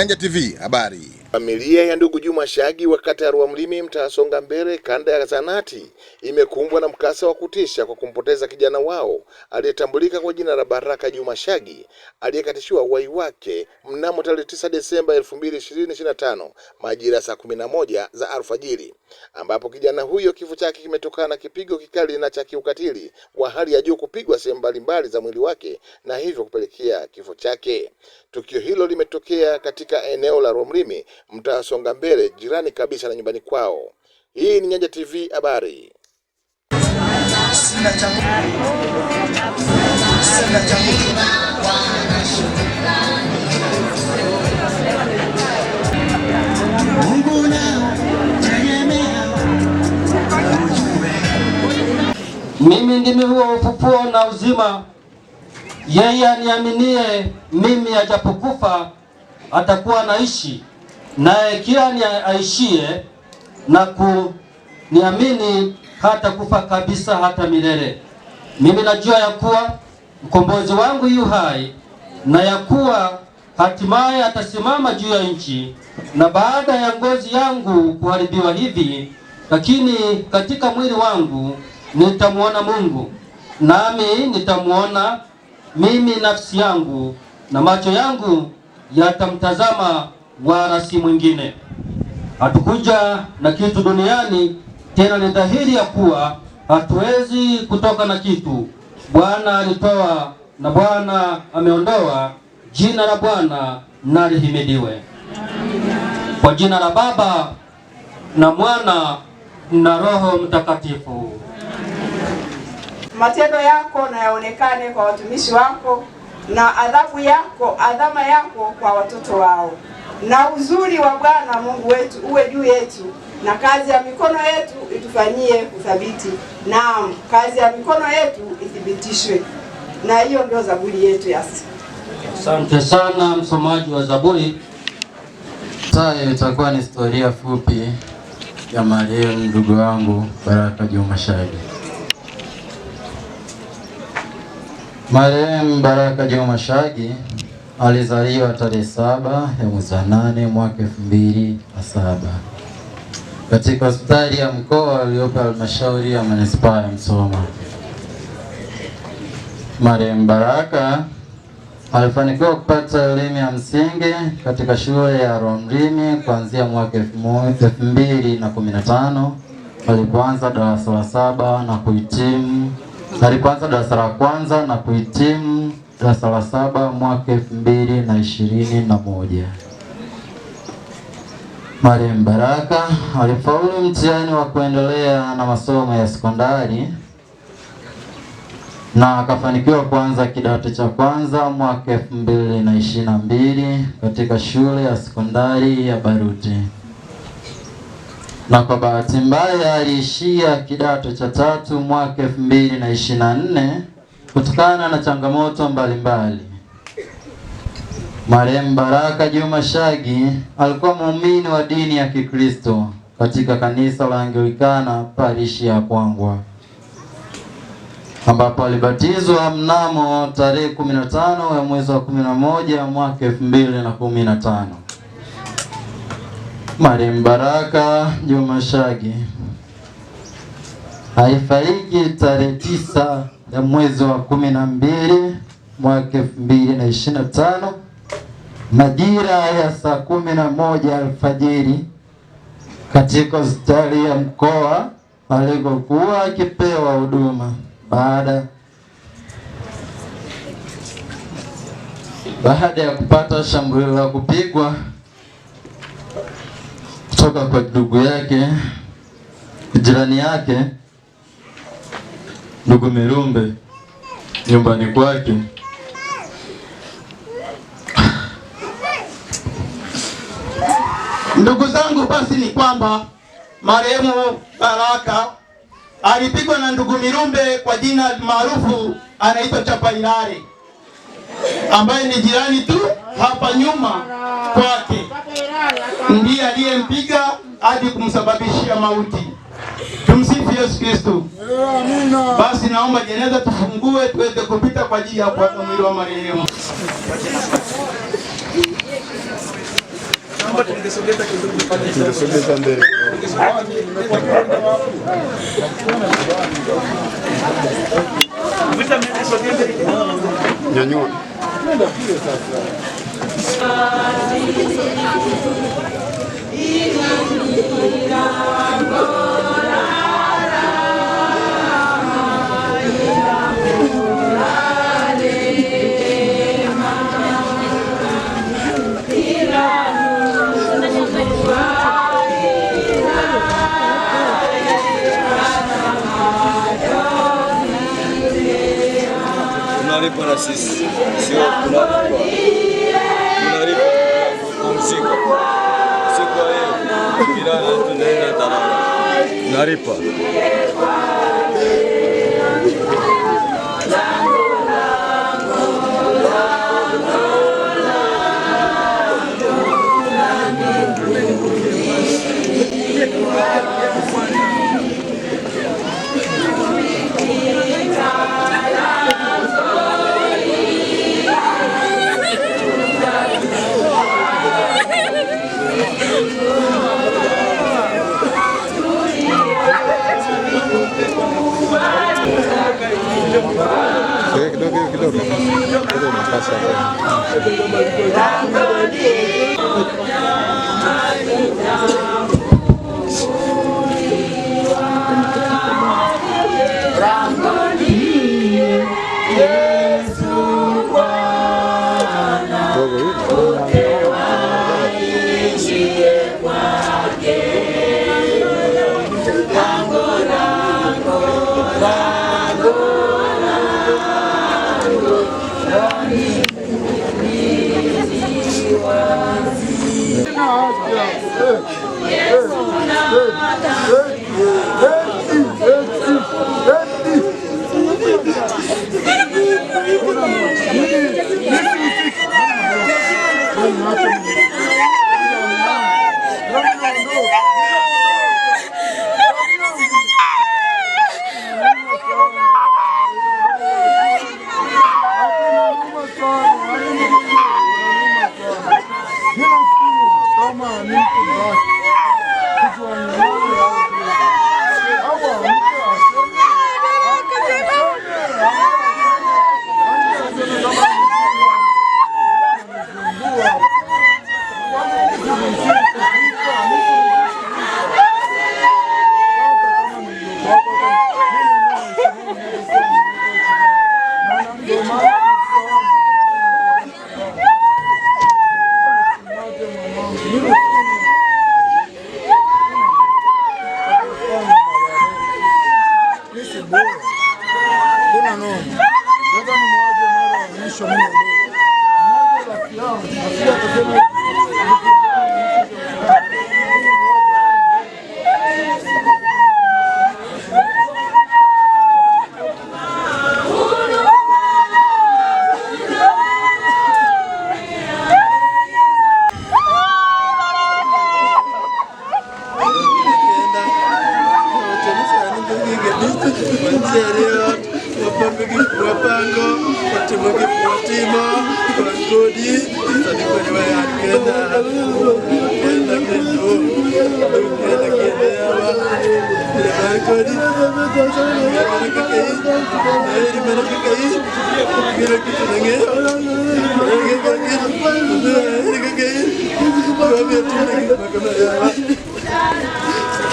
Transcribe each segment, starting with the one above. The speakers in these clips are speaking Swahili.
Nyanja TV habari. Familia ya ndugu Juma Shagi wa kata ya Rwamlimi mtaasonga mbele kanda ya Zanati imekumbwa na mkasa wa kutisha kwa kumpoteza kijana wao aliyetambulika kwa jina la Baraka Juma Shagi aliyekatishiwa uhai wake mnamo tarehe 9 Desemba 2025 majira ya saa 11 za alfajiri, ambapo kijana huyo kifo chake kimetokana na kipigo kikali na cha kiukatili wa hali ya juu kupigwa sehemu mbalimbali za mwili wake na hivyo kupelekea kifo chake. Tukio hilo limetokea katika eneo la Rwamlimi mtasonga mbele, jirani kabisa na nyumbani kwao. Hii ni Nyanja TV habari. Mimi ndimi huo ufufuo na uzima, yeye aniaminie mimi ajapokufa atakuwa naishi naye kila ni aishie na kuniamini hata kufa kabisa hata milele. Mimi najua ya kuwa mkombozi wangu yu hai na ya kuwa hatimaye atasimama juu ya nchi, na baada ya ngozi yangu kuharibiwa hivi, lakini katika mwili wangu nitamuona Mungu, nami nitamuona mimi nafsi yangu, na macho yangu yatamtazama wala si mwingine. Hatukuja na kitu duniani, tena ni dhahiri ya kuwa hatuwezi kutoka na kitu. Bwana alitoa na Bwana ameondoa. Jina la Bwana na lihimidiwe. Kwa jina la Baba na Mwana na Roho Mtakatifu. Matendo yako na yaonekane kwa watumishi wako na adhabu yako, adhama yako kwa watoto wao na uzuri wa Bwana Mungu wetu uwe juu yetu, na kazi ya mikono yetu itufanyie uthabiti. Naam, kazi ya mikono yetu ithibitishwe. Na hiyo ndio zaburi yetu ya siku. Asante sana msomaji wa zaburi. Sasa itakuwa ni historia fupi ya marehemu ndugu wangu Baraka Juma Shagi. Marehemu Baraka Juma Shagi Alizaliwa tarehe saba ya mwezi wa nane mwaka elfu mbili na saba katika hospitali ya mkoa aliyopo halmashauri ya manispaa ya Msoma. Marehemu Baraka alifanikiwa kupata elimu ya msingi katika shule ya Romrimi kuanzia mwaka elfu mbili na kumi na tano alipoanza darasa la saba na kuhitimu, alipoanza darasa la kwanza na kuhitimu la Sabasaba mwaka elfu mbili na ishirini na moja. Mariam Baraka alifaulu mtihani wa kuendelea na masomo ya sekondari na akafanikiwa kuanza kidato cha kwanza mwaka elfu mbili na ishirini na mbili katika shule ya sekondari ya Baruti, na kwa bahati mbaya aliishia kidato cha tatu mwaka elfu mbili na ishirini na nne kutokana na changamoto mbalimbali. Marehemu Baraka Juma Shagi alikuwa muumini wa dini ya Kikristo katika kanisa la Anglikana parishi ya Kwangwa ambapo alibatizwa mnamo tarehe 15 ya mwezi wa 11 mwaka 2015. Marehemu Baraka Juma Shagi haifariki tarehe 9 ya mwezi wa kumi na mbili mwaka elfu mbili na ishirini na tano majira ya saa kumi na moja alfajiri katika hospitali ya mkoa alikokuwa akipewa huduma baada baada ya kupata shambulio la kupigwa kutoka kwa ndugu yake jirani yake ndugu mirumbe nyumbani kwake Ndugu zangu, basi ni kwamba marehemu Baraka alipigwa na ndugu mirumbe kwa jina maarufu anaitwa Chapailale, ambaye ni jirani tu hapa nyuma kwake, ndiye aliyempiga hadi kumsababishia mauti. Tumsifu Yesu Kristo. Amina. Basi naomba jeneza tufungue tuweze kupita kwa ajili ya kuaga mwili wa marehemu. Nyanyua. tunalipwa na sisi, sio tunalipwa, tunalipwa kupumzika. Siku ya leo kilala, tunaenda talala, tunalipa kidogo Yeah. No, no, no. sheria, mapambiki mapango,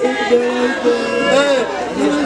Hey!